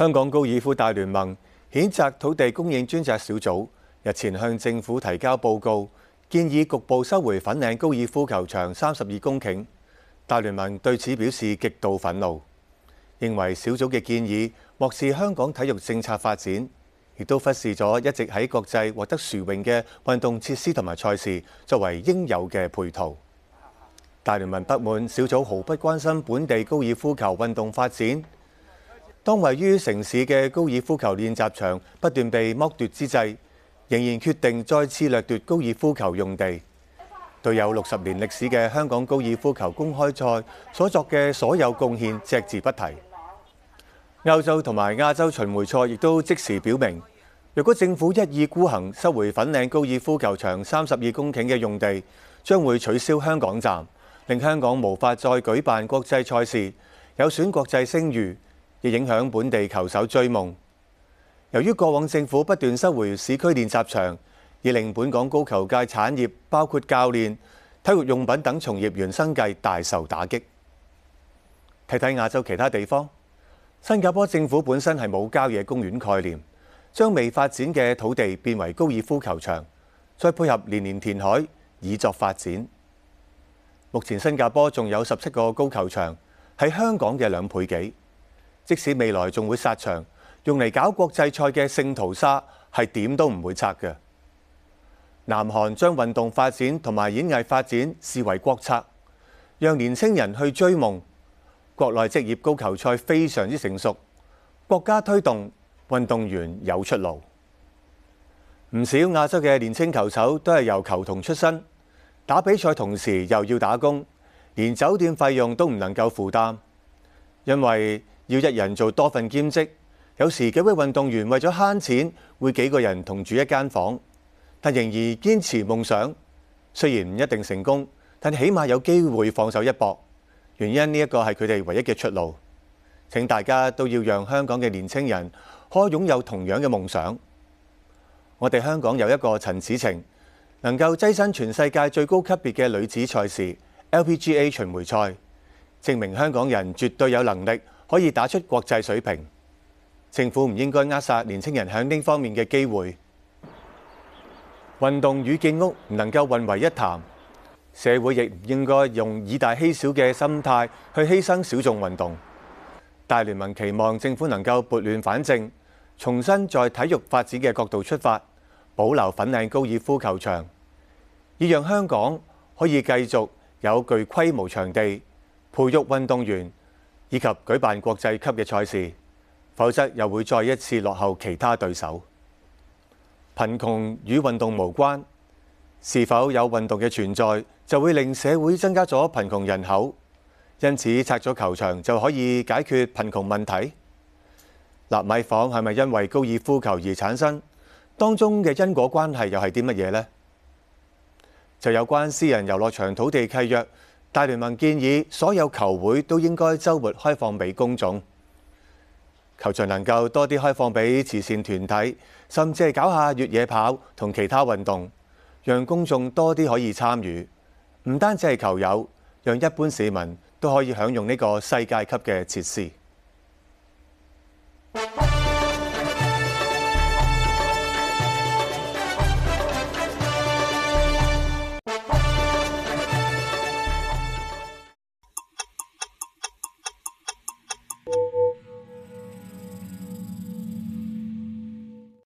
香港高爾夫大聯盟譴責土地供應專責小組日前向政府提交報告，建議局部收回粉嶺高爾夫球場三十二公頃。大聯盟對此表示極度憤怒，認為小組嘅建議漠視香港體育政策發展，亦都忽視咗一直喺國際獲得殊榮嘅運動設施同埋賽事作為應有嘅配套。大聯盟不滿小組毫不關心本地高爾夫球運動發展。當位於城市嘅高爾夫球練習場不斷被剝奪之際，仍然決定再次掠奪高爾夫球用地，對有六十年歷史嘅香港高爾夫球公開賽所作嘅所有貢獻只字不提。歐洲同埋亞洲巡迴賽亦都即時表明，若果政府一意孤行收回粉嶺高爾夫球場三十二公頃嘅用地，將會取消香港站，令香港無法再舉辦國際賽事，有損國際聲譽。亦影響本地球手追夢。由於過往政府不斷收回市區練習場，而令本港高球界產業，包括教練、體育用品等從業員生計大受打擊。睇睇亞洲其他地方，新加坡政府本身係冇郊野公園概念，將未發展嘅土地變為高爾夫球場，再配合連連填海以作發展。目前新加坡仲有十七個高球場，係香港嘅兩倍幾。即使未來仲會殺場，用嚟搞國際賽嘅聖淘沙係點都唔會拆嘅。南韓將運動發展同埋演藝發展視為國策，讓年輕人去追夢。國內職業高球賽非常之成熟，國家推動，運動員有出路。唔少亞洲嘅年輕球手都係由球童出身，打比賽同時又要打工，連酒店費用都唔能夠負擔，因為，要一人做多份兼職，有時幾位運動員為咗慳錢，會幾個人同住一間房，但仍然堅持夢想。雖然唔一定成功，但起碼有機會放手一搏。原因呢一個係佢哋唯一嘅出路。請大家都要讓香港嘅年輕人可擁有同樣嘅夢想。我哋香港有一個陳子晴，能夠躋身全世界最高級別嘅女子賽事 LPGA 巡迴賽，證明香港人絕對有能力。可以打出國際水平，政府唔應該扼殺年青人響呢方面嘅機會。運動與建屋唔能夠混為一談，社會亦唔應該用以大欺小嘅心態去犧牲小眾運動。大聯盟期望政府能夠撥亂反正，重新在體育發展嘅角度出發，保留粉嶺高爾夫球場，以讓香港可以繼續有具規模場地培育運動員。以及舉辦國際級嘅賽事，否則又會再一次落後其他對手。貧窮與運動無關，是否有運動嘅存在就會令社會增加咗貧窮人口？因此拆咗球場就可以解決貧窮問題？納米房係咪因為高爾夫球而產生？當中嘅因果關係又係啲乜嘢呢？就有關私人遊樂場土地契約。大聯盟建議所有球會都應該週末開放俾公眾，球場能夠多啲開放俾慈善團體，甚至係搞下越野跑同其他運動，讓公眾多啲可以參與，唔單止係球友，讓一般市民都可以享用呢個世界級嘅設施。